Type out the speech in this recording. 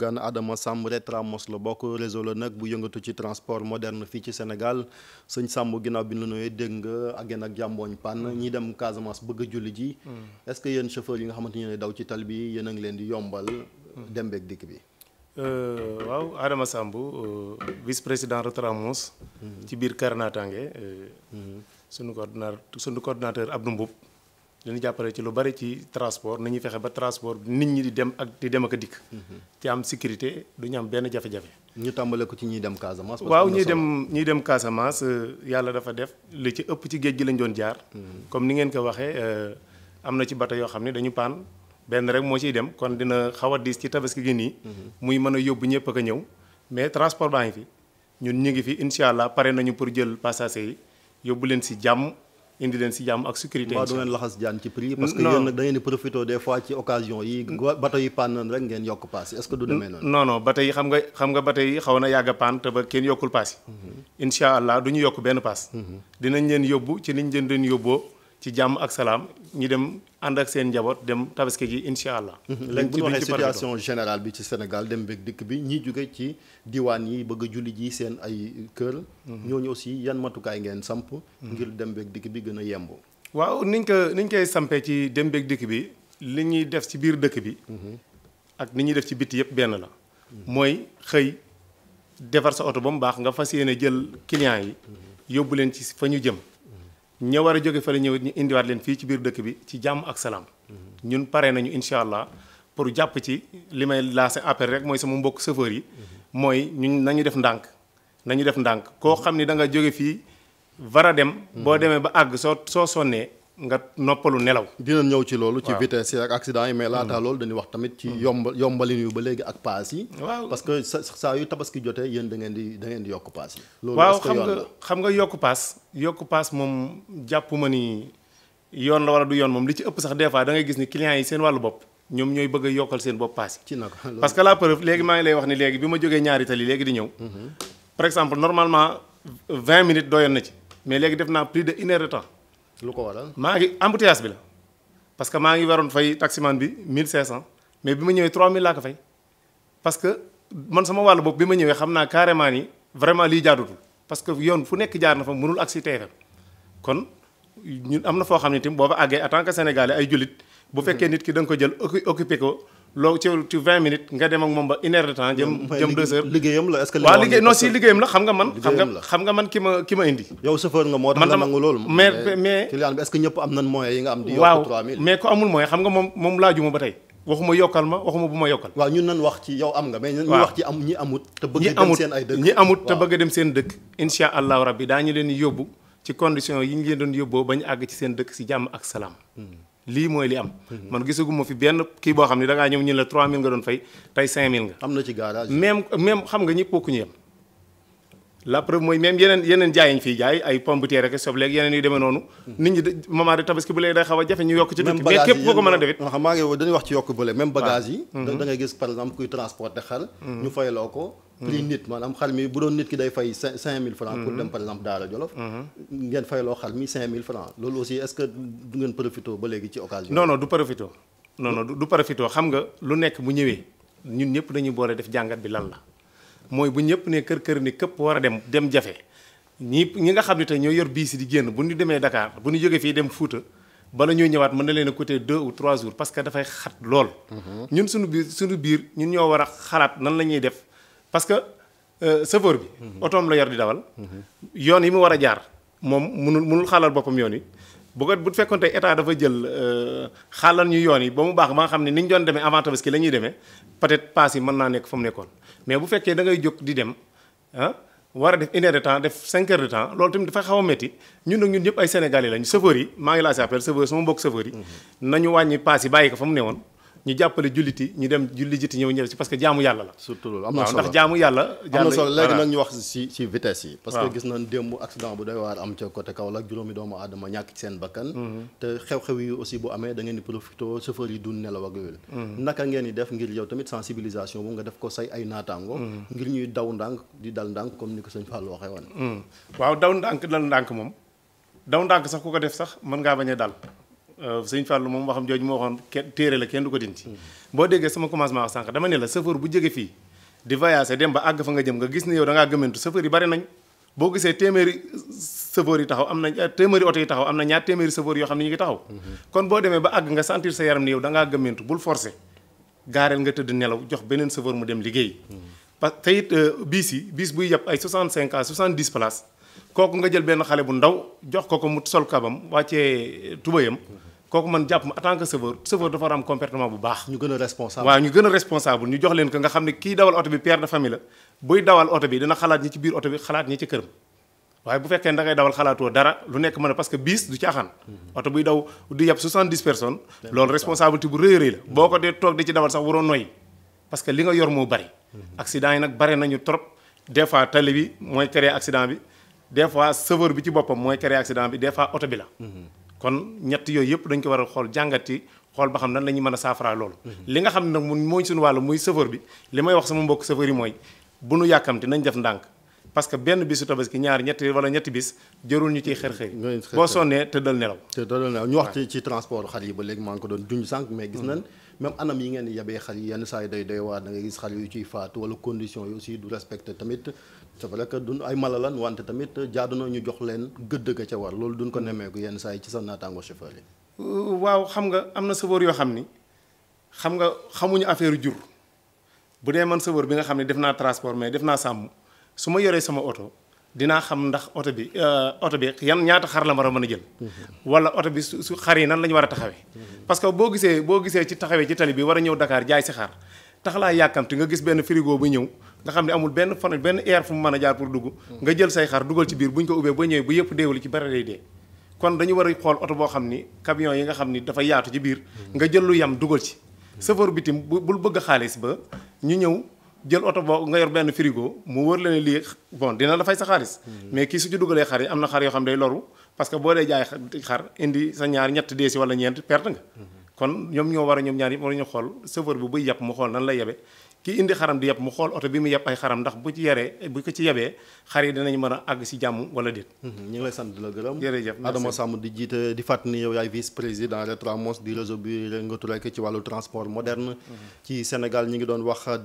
gan Adama Samb Retramos la bokk réseau la nag bu yëngatu ci transport moderne fii ci Sénégal sëñ Samb ginnaaw bi ñu nuyee nga ak yéen ak jàmbooñ pann ñi dem Casamance bëgg julli ji. Hmm. est-ce que yéen chauffeur yi nga xamante ne daw ci tal bi yéen ngi leen di yombal. Hmm. dem dikk bi. Euh, waaw Adama sàmb euh, vice président Retramos. Hmm. ci biir Kër Natangué. Euh, sunu coordinateur sunu coordinateur Abdou dañu jàppale ci lu bari ci transport nañu fexe ba transport nit ñi di dem ak di dem ak dikk. ci am sécurité du ñu am benn jafe-jafe. ñu tàmbale ko ci ñuy dem Casamance. waaw ñuy dem ñuy dem Casamance euh, yàlla dafa def li ci ëpp ci géej gi lañ doon jaar. Mm-hmm. comme ni ngeen ko waxee euh, am na ci bato yoo xam ne dañu paan benn rek moo ciy dem kon dina xaw a diis ci tabaski gi nii. Mm-hmm. muy mën a yóbbu ñëpp ak a ñëw mais transport baa ngi fi ñun ñu ngi fi incha allah pare nañu pour jël passager yi yóbbu leen si jàmm. indi leen si jàmm ak sécurité mbaa du ngeen laxas jaan ci prix parce que yéen nag da di profité des fois ci occasion yi bato yi pann rek ngeen yokk paas yi est ce que du demee noonu non bato yi xam nga xam nga bato yi xaw na yàgg a te ba kenn yokkul paas yi mm-hmm. incha allah du ñu yokk benn paas mm-hmm. dinañ leen yóbbu ci niñ leen doon yóbboo ci jàmm ak salaam ñu dem ànd ak seen njaboot dem tabaski yi incha allah. Mhm. léegi bu ñu waxee situation général bi ci Sénégal dem beeg dikk bi ñi jóge ci diwaan yi bëgg a julli ji seen ay kër. Mhm. ñooñu aussi yan matukaay ngeen samp. Mhm. ngir dem beeg dikk bi gën a yemb. waaw niñ ko niñ koy sampee ci dem beeg dikk bi li ñuy def ci biir dëkk bi. ak ni ñuy def ci biti yëpp benn la. mooy xëy defar sa oto ba mu baax nga fas yéene jël client yi. yóbbu leen ci fa ñu jëm. ña war a jóge fële ñëw ñu indiwaat leen fii ci biir dëkk bi ci jàmm ak salaam. ñun pare nañu incha allah pour jàpp ci li may lancé appel rek mooy sama mbokk chauffeur yi. mooy ñun nañu def ndànk. nañu def ndànk koo xam ni da nga jóge fii war a dem. boo demee ba àgg soo soo sonnee. nga noppalu nelaw. dina ñëw ci loolu. ci vitesse yi ak accident yi mais laata mm. loolu dañuy wax tamit ci mm. yomb yombalin yu ba léegi ak paas yi. waaw parce que sa saa yu tabaski jotee yéen da ngeen di da ngeen di yokk paas yi. loolu est-ce que yoon la xam nga yokk paas. yokk paas moom jàpp ma ni yoon la wala du yoon moom li ci ëpp sax des fois da gis ni clients yi seen wàllu bopp ñoom ñooy bëgg a yokkal seen bopp paas yi. ci nag parce que la preuve léegi maa ngi lay wax ni léegi bi ma jógee ñaari tali léegi di ñëw. Mm-hmm. par exemple normalement 20 minutes na ci mais léegi def naa plus de lu ko waral maa ngi embouteillage bi la parce que maa ngi waroon fay taximan bi 1500 mais bi ma ñëwee 3000 laa ko fay parce que man sama wàllu bopp bi ma ñëwee xam naa carrément ni vraiment lii jaadutul parce que yoon fu nekk jaar na fa mënul agsi TFM kon ñun am na foo xam ne tamit boo fa àggee en tant que sénégalais ay jullit bu fekkee nit ki da ko jël occupé ko. loo ci ci vingt minutes nga dem ak moom ba une heure de temps jëm jëm deux heures liggéeyam la est-ce que waaw liggéey non si liggéeyam la xam nga man xam nga man ki ma ki ma indi yow chauffeur nga moo tax nga mais mais ko amul moyen xam nga moom laajuma ba tey waxuma yokkal ma waxuma bu ma yokkal waaw ñun nan wax ci yow am nga mais ñu wax ci am ñi amut te bëgg dem seen ay dëkk ñi amut te bëgg dem seen dëkk insha allahu rabbi daañu leen yóbbu ci condition yi ñu leen doon yóbboo bañu àgg ci seen dëkk si jàmm ak salaam hmm. lii mooy li am. man gisaguma fi benn kii boo xam ne da ngaa ñëw ñu la 3000 nga doon fay tey 5000 nga. am na ci garage même même xam nga ñëpp bokkuñu yem. la preuve mooy yeneen yeneen jaay ñu fiy jaay ay pomme de terre ak soble ak yeneen yu demee noonu. nit ñi de moment de tabaski bu léegi day xaw a jafe ñu yokk ci. même bagage képp ko mën a def maa ngi wax ci yokk bële même bagage yi. Mm-hmm. da ngay gis par exemple kuy transporter xar. Mm-hmm. ñu fayloo ko. prix hmm. nit maanaam xar mi bu doon nit ki day fay cinq cinq mille francs pour hmm. dem par exemple a Jolof hmm. ngeen fayloo xar mi cinq mille francs loolu aussi est-ce que du ngeen profité ba léegi ci du profité non non du xam nga lu nekk bu ñëwee ñun ñëpp dañuy boole def jàngat bi lan la mooy bu ñëpp ne kër kër ni këpp war a dem dem jafe ñi ñi nga xam ne tey ñoo yor biis di génn bu ñu demee dakaar bu ñu jógee fii dem Fuuta bala ñuy ñëwaat mën na leen a côté deux ou trois jours parce que dafay xat lool. ñun suñu biir suñu biir ñun ñoo war a xalaat nan la ñuy def parce que euh, chauffeur bi. Mhm. otoom la yor di dawal. Mhm. yoon yi mu war a jaar moom munul munul xaalal boppam yoon yi bu ko bu fekkoon tey état dafa jël euh, xaalal ñu yoon yi ba mu baax ba nga xam ne ni ñu doon demee avant tabaski la ñuy demee peut-être paas yi mën naa nekk fa mu nekkoon mais bu fekkee da ngay jóg di dem ah. war a def une de temps def cinq de temps loolu tamit dafa xaw a métti ñun nag ñun ñëpp ay sénégalais lañu chauffeurs yi maa ngi laa si appel chauffeur sama mbokk chauffeurs yi mhm. nañu wàññi bàyyi ko fa mu ne ñu jàppale julliti ñu dem julli jiti ñëw ñëw si parce que jaamu yàlla la. surtout loolu am ndax jaamu yàlla. am na mhm. da ngeen di profité chauffeur yi du nelaw ak yooyu. Mhm. naka ngeen def ngir yow tamit sensibilisation bu nga def ko say ay naataango. Mhm. ngir ñuy daw ndànk di dal ndànk comme ni ko sëñ Fall waxee woon. waaw daw ndànk dal ndànk moom daw ndànk sax ku ko def ngaa bañ a dal Euh, suñ Fallou moom waxam jooju moo waxoon kenn téere la kenn du ko dindi. boo déggee sama commencement wax sànq dama ne la chauffeur bu jóge fii di voyager dem ba àgg fa nga jëm nga gis ne yow da ngaa gëmantu chauffeur yi bari nañ boo gisee téeméeri chauffeur yi taxaw am na téeméeri yi taxaw am na ñaar téeméeri chauffeur yoo xam ne ñu ngi taxaw. kon boo demee ba àgg nga sentir sa yaram ni yow da ngaa gëmantu bul forcer gaareel nga tëdd nelaw jox beneen chauffeur mu dem liggéey. parce que it euh, biis yi biis buy yàpp ay 65 à 70 places kooku nga jël benn xale bu ndaw jox ko ko mu sol kabam wàccee tubayam kooku man jàpp ma en tant que chauffeur chauffeur dafa war am comportement bu baax. ñu gën a responsable waaw ñu gën a responsable ñu jox leen ko nga xam ne kii dawal oto bi père de famille buy dawal oto bi dina xalaat ñi ci biir oto bi xalaat ñi ci këram. waaye bu fekkee da ngay dawal xalaatoo dara lu nekk mën a parce que biis du caaxaan mm-hmm. oto buy daw di yàpp 70 personnes loolu responsabilité bu rëy rëy la boo ko dee toog di ci dawal sax waroo noyyi parce li nga yor moo bari mm-hmm. accident yi nag bari nañu trop des fois tali bi mooy créer accident bi des fois chauffeur bi ci boppam mooy créer accident bi des fois oto bi la mm-hmm. kon ñett yooyu yëpp dañ ko war a xool jàngati xool ba xam nan la ñuy mën a saafaraa loolu mhm. li nga xam ne nag mun mooy suñu wàllu muy chauffeur bi li may wax sama mbokk chauffeur yi mooy bu nu yàkkamti nañ def ndànk parce que benn bisu tabaski ñaar ñetti wala ñetti bis jërul ñu ciy xër-xëri boo sonnee te nelaw te dal nelaw ñu wax ci ci transport xar yi ba léegi maa ngi ko doon junj sànq mais gis mhm. nañ même anam yi ngeen yabee xar yenn saa yi day doy waar da nga gis xar yu ciy faatu wala condition yi aussi du respecté tamit c'est vrai que duñ ay mala lan wante tamit jaadu na ñu jox leen gëdd ga ca war loolu dun ko nemmeeku yenn saa yi ci sa naataango chauffeur yi. waaw xam nga am na chauffeur yoo xam ni xam nga xamuñu affaire jur bu dee man chauffeur bi nga xam ne def naa transport mais def naa sàmm su ma yoree sama oto dinaa xam ndax oto bi euh, oto bi yan ñaata xar la war a mën a jël. Mm-hmm. wala oto bi su xar yi nan lañu war a taxawee. Mm-hmm. parce que boo gisee boo gisee ci taxawee ci tali bi war a ñëw Dakar jaay si xar tax laa yàkkamti nga gis benn frigo bu ñëw. nga xam ne amul benn fan benn air fu mu mën a jaar pour dugg nga jël say xar dugal ci biir bu ñu ko ubbee ba ñëwee bu yëpp déewul ci bari lay kon dañu war a xool oto boo xam ni camion yi nga xam ni dafa yaatu ci biir nga jël lu yam dugal ci chauffeur bitim bul bëgg xaalis ba ñu ñëw jël oto boo nga yor benn frigo mu wër la lii bon dina la fay sa xaalis hmm. mais kii su dugalee xar yi am na xar yoo xam day loru parce que boo dee jaay xar indi sa ñaar ñett dee si wala ñeent perte nga hmm. kon ñoom ñoo war a ñoom ñaar yëpp war ñu xool chauffeur bu buy yàpp mu xool nan la yebe ki indi xaram di yeb mu xool oto bi mu yeb ay xaram ndax bu ci yaree bu ko ci yebee xar yi dinañ mën a àgg si jàmm wala déet mhm, ñu ngi lay sant di la gërëm Adama Samb di jiite di fàttali ni yow yaay vice président Retramos di réseau bi yëngatu rekk ci wàllu transport moderne mhm. ci Sénégal ñi ngi doon wax